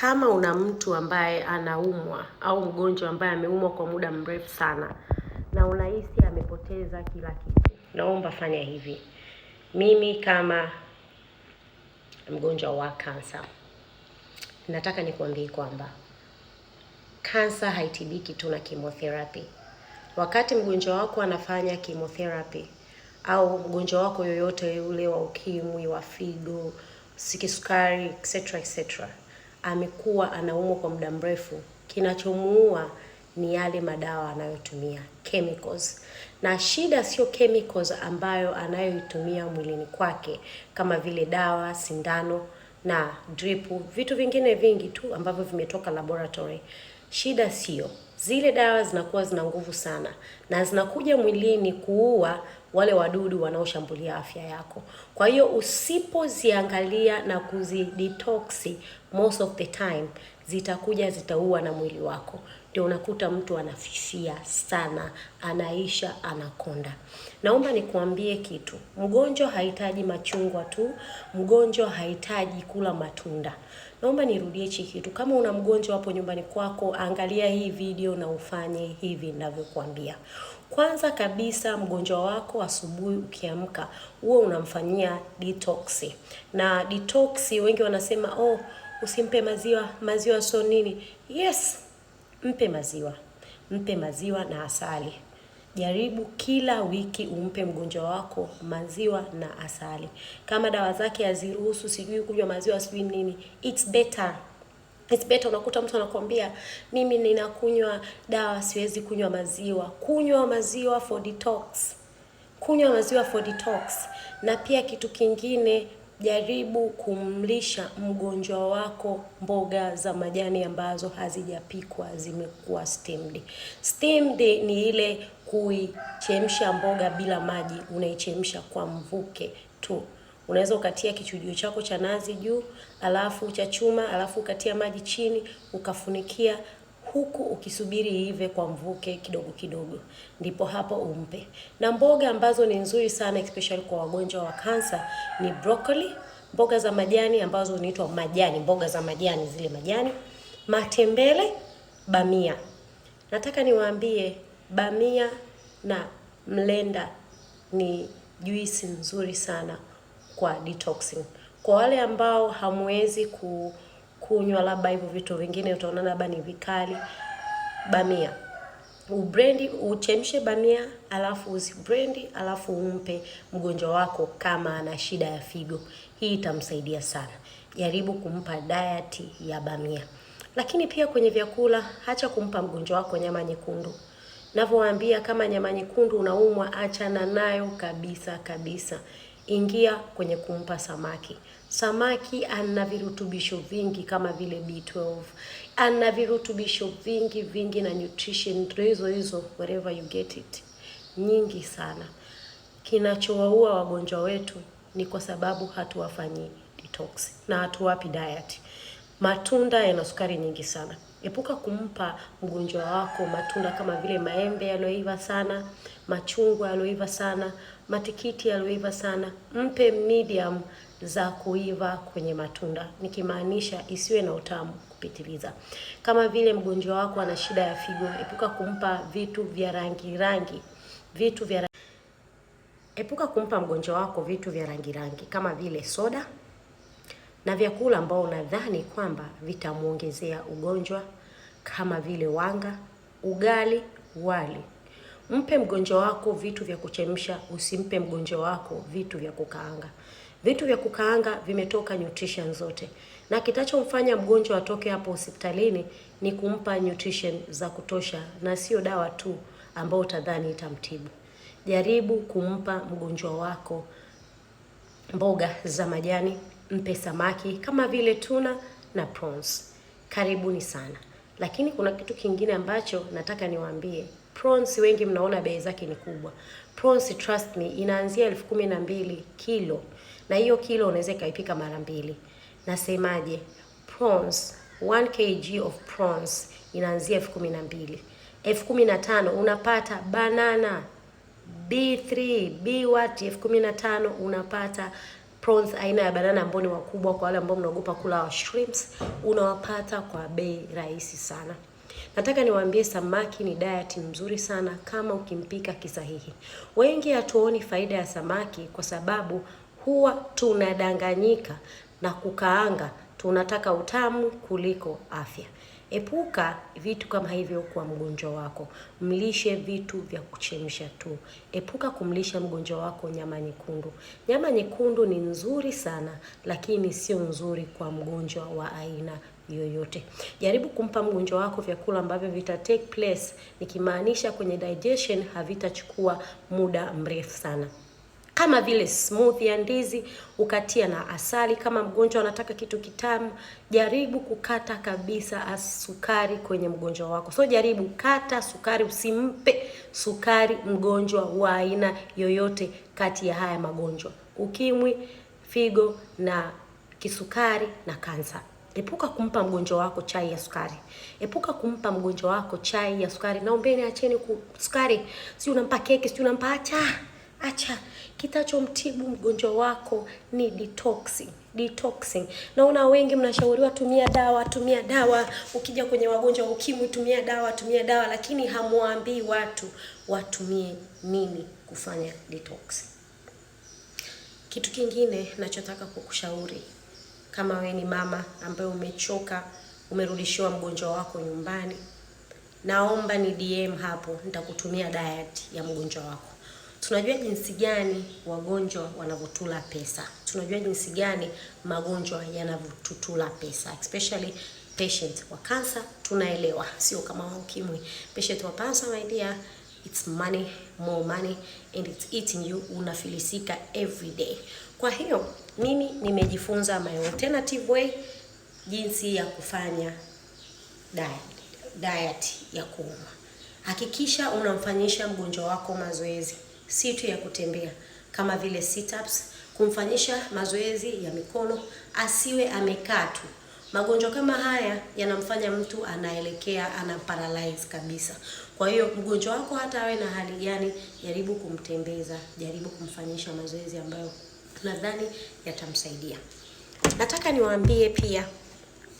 kama una mtu ambaye anaumwa au mgonjwa ambaye ameumwa kwa muda mrefu sana na unahisi amepoteza kila kitu, naomba fanya hivi. Mimi kama mgonjwa wa kansa, nataka nikuambie kwamba kansa haitibiki tu na chemotherapy. Wakati mgonjwa wako anafanya chemotherapy au mgonjwa wako yoyote yule wa ukimwi, wa figo, sikisukari, etc etc amekuwa anaumwa kwa muda mrefu, kinachomuua ni yale madawa anayotumia chemicals. Na shida sio chemicals ambayo anayoitumia mwilini kwake kama vile dawa, sindano na drip, vitu vingine vingi tu ambavyo vimetoka laboratory. Shida sio zile dawa, zinakuwa zina nguvu sana na zinakuja mwilini kuua wale wadudu wanaoshambulia afya yako. Kwa hiyo usipoziangalia na kuzidetoksi most of the time, zitakuja zitaua na mwili wako, ndio unakuta mtu anafifia sana, anaisha, anakonda. Naomba nikuambie kitu, mgonjwa hahitaji machungwa tu, mgonjwa hahitaji kula matunda naomba nirudie hichi kitu. Kama una mgonjwa hapo nyumbani kwako, angalia hii video na ufanye hivi ninavyokuambia. Kwanza kabisa, mgonjwa wako asubuhi ukiamka, huwe unamfanyia detox. Na detox, wengi wanasema oh, usimpe maziwa, maziwa sio nini. Yes, mpe maziwa, mpe maziwa na asali. Jaribu kila wiki umpe mgonjwa wako maziwa na asali. Kama dawa zake haziruhusu sijui kunywa maziwa sijui nini, it's better it's better. Unakuta mtu anakwambia mimi ninakunywa dawa, siwezi kunywa maziwa. Kunywa maziwa for detox, kunywa maziwa for detox. Na pia kitu kingine jaribu kumlisha mgonjwa wako mboga za majani ambazo hazijapikwa, zimekuwa steamed. Steamed ni ile kuichemsha mboga bila maji, unaichemsha kwa mvuke tu. Unaweza ukatia kichujio chako cha nazi juu, alafu cha chuma, alafu ukatia maji chini, ukafunikia huku ukisubiri iive kwa mvuke kidogo kidogo, ndipo hapo umpe. Na mboga ambazo ni nzuri sana especially kwa wagonjwa wa kansa ni broccoli, mboga za majani ambazo zinaitwa majani, mboga za majani zile majani, matembele, bamia. Nataka niwaambie bamia na mlenda ni juisi nzuri sana kwa detoxing. Kwa wale ambao hamwezi ku kunywa, labda hivyo vitu vingine, utaona labda ni vikali. Bamia ubrendi, uchemshe bamia alafu uzibrendi, alafu umpe mgonjwa wako kama ana shida ya figo. Hii itamsaidia sana. Jaribu kumpa diet ya bamia. Lakini pia kwenye vyakula, hacha kumpa mgonjwa wako nyama nyekundu. Navyowaambia, kama nyama nyekundu unaumwa, achana nayo kabisa kabisa ingia kwenye kumpa samaki. Samaki ana virutubisho vingi kama vile B12, ana virutubisho vingi vingi na nutrition hizo hizo, wherever you get it, nyingi sana. Kinachowaua wagonjwa wetu ni kwa sababu hatuwafanyi detox na hatuwapi diet. Matunda yana sukari nyingi sana. Epuka kumpa mgonjwa wako matunda kama vile maembe yaliyoiva sana, machungwa yaliyoiva sana matikiti yaliyoiva sana, mpe medium za kuiva kwenye matunda, nikimaanisha isiwe na utamu kupitiliza. Kama vile mgonjwa wako ana shida ya figo, epuka kumpa vitu vya rangi rangi, vitu vya rangi. Epuka kumpa mgonjwa wako vitu vya rangi rangi kama vile soda na vyakula ambao unadhani kwamba vitamwongezea ugonjwa kama vile wanga, ugali, wali. Mpe mgonjwa wako vitu vya kuchemsha, usimpe mgonjwa wako vitu vya kukaanga. Vitu vya kukaanga vimetoka nutrition zote, na kitachomfanya mgonjwa atoke hapo hospitalini ni kumpa nutrition za kutosha, na sio dawa tu ambayo utadhani itamtibu. Jaribu kumpa mgonjwa wako mboga za majani, mpe samaki kama vile tuna na prawns. Karibuni sana. Lakini kuna kitu kingine ambacho nataka niwaambie. Prawns wengi mnaona bei zake ni kubwa. Prawns trust me inaanzia elfu kumi na mbili kilo, na hiyo kilo unaweza ikaipika mara mbili. Nasemaje? Prawns 1 kg of prawns inaanzia elfu kumi na mbili. Elfu kumi na tano unapata banana B3 B what, elfu kumi na tano unapata prawns aina ya banana ambao ni wakubwa. Kwa wale ambao mnaogopa kula wa shrimps, unawapata kwa bei rahisi sana. Nataka niwaambie samaki ni diet mzuri sana kama ukimpika kisahihi. Wengi hatuoni faida ya samaki kwa sababu huwa tunadanganyika na kukaanga, tunataka utamu kuliko afya. Epuka vitu kama hivyo kwa mgonjwa wako, mlishe vitu vya kuchemsha tu. Epuka kumlisha mgonjwa wako nyama nyekundu. Nyama nyekundu ni nzuri sana, lakini sio nzuri kwa mgonjwa wa aina yoyote. Jaribu kumpa mgonjwa wako vyakula ambavyo vita take place, nikimaanisha kwenye digestion havitachukua muda mrefu sana kama vile smoothie ya ndizi ukatia na asali. Kama mgonjwa anataka kitu kitamu, jaribu kukata kabisa sukari kwenye mgonjwa wako. So jaribu kata sukari, usimpe sukari mgonjwa wa aina yoyote kati ya haya magonjwa: ukimwi, figo na kisukari na kansa. Epuka kumpa mgonjwa wako chai ya sukari. Epuka kumpa mgonjwa wako chai ya sukari. Naombeni acheni sukari. Si unampa keki, si unampa acha. Acha. Kitachomtibu mgonjwa wako ni detoxing, detoxing. Naona wengi mnashauriwa tumia dawa, tumia dawa. Ukija kwenye wagonjwa ukimwi, tumia dawa, tumia dawa, lakini hamwambii watu watumie nini kufanya detox. Kitu kingine nachotaka kukushauri kama we ni mama ambaye umechoka, umerudishiwa mgonjwa wako nyumbani, naomba ni DM hapo, nitakutumia diet ya mgonjwa wako. Tunajua jinsi gani wagonjwa wanavyotula pesa, tunajua jinsi gani magonjwa yanavyotutula pesa, especially patient wa kansa tunaelewa, sio kama wa ukimwi. Patient wa kansa my dear it's money more money and it's eating you, unafilisika every day. Kwa hiyo mimi nimejifunza my alternative way, jinsi ya kufanya diet, diet ya kuuma. Hakikisha unamfanyisha mgonjwa wako mazoezi, si tu ya kutembea kama vile sit ups, kumfanyisha mazoezi ya mikono, asiwe amekaa tu. Magonjwa kama haya yanamfanya mtu anaelekea ana paralyze kabisa. Kwa hiyo mgonjwa wako hata awe na hali gani, jaribu kumtembeza, jaribu kumfanyisha mazoezi ambayo nadhani yatamsaidia. Nataka niwaambie pia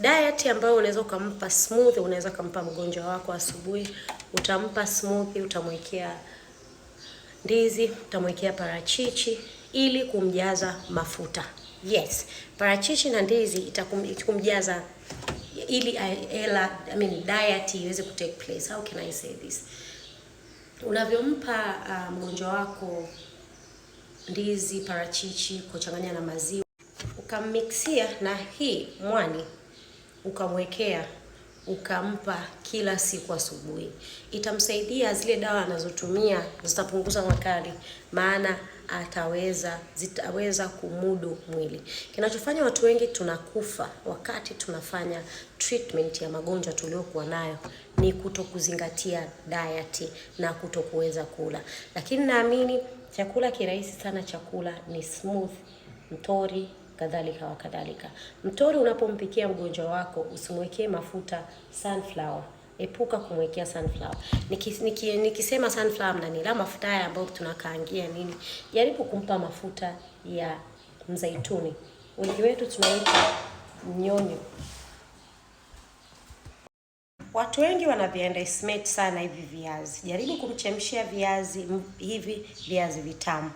diet ambayo unaweza ukampa smoothie, unaweza ukampa mgonjwa wako asubuhi, utampa smoothie, utamwekea ndizi, utamwekea parachichi ili kumjaza mafuta. Yes, parachichi na ndizi itakumjaza ili ela, I mean diet iweze ku take place. How can I say this? Unavyompa mgonjwa wako ndizi, parachichi kuchanganya na maziwa, ukammiksia na hii mwani ukamwekea ukampa kila siku asubuhi, itamsaidia zile dawa anazotumia zitapunguza makali maana ataweza zitaweza kumudu mwili. Kinachofanya watu wengi tunakufa wakati tunafanya treatment ya magonjwa tuliokuwa nayo ni kutokuzingatia diet na kutokuweza kula, lakini naamini chakula kirahisi sana, chakula ni smooth, mtori kadhalika wa kadhalika. Mtori unapompikia mgonjwa wako usimwekee mafuta sunflower epuka kumwekea sunflower. Nikisema niki, niki sunflower mnanila mafuta haya ambayo tunakaangia nini, jaribu kumpa mafuta ya mzaituni. Wengi wetu tunaita mnyonyo. Watu wengi wanaviunderestimate sana hivi viazi. Jaribu kumchemshia viazi hivi viazi vitamu,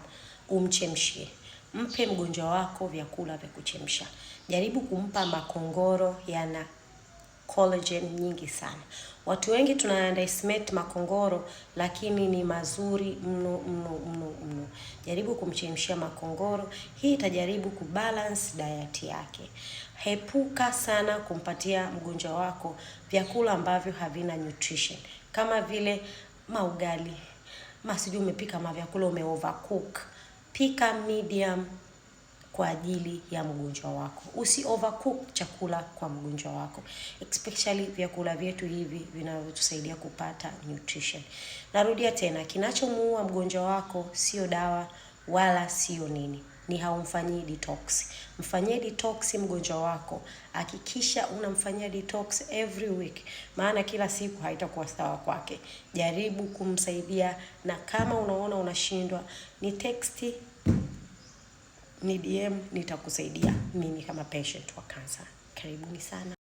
umchemshie Mpe mgonjwa wako vyakula vya kuchemsha. Jaribu kumpa makongoro yana collagen nyingi sana. Watu wengi tuna underestimate makongoro, lakini ni mazuri mno mno mno mno. Jaribu kumchemshia makongoro, hii itajaribu kubalance diet yake. Hepuka sana kumpatia mgonjwa wako vyakula ambavyo havina nutrition kama vile maugali, ma umepika mavyakula umeovercook. Pika medium kwa ajili ya mgonjwa wako. Usi overcook chakula kwa mgonjwa wako, especially vyakula vyetu hivi vinavyotusaidia kupata nutrition. Narudia tena, kinachomuua mgonjwa wako sio dawa wala sio nini ni haumfanyii detox. Mfanyie detox mgonjwa wako, hakikisha unamfanyia detox every week, maana kila siku haitakuwa sawa kwake. Jaribu kumsaidia, na kama unaona unashindwa, ni texti ni DM, nitakusaidia mimi kama patient wa kansa. Karibuni sana.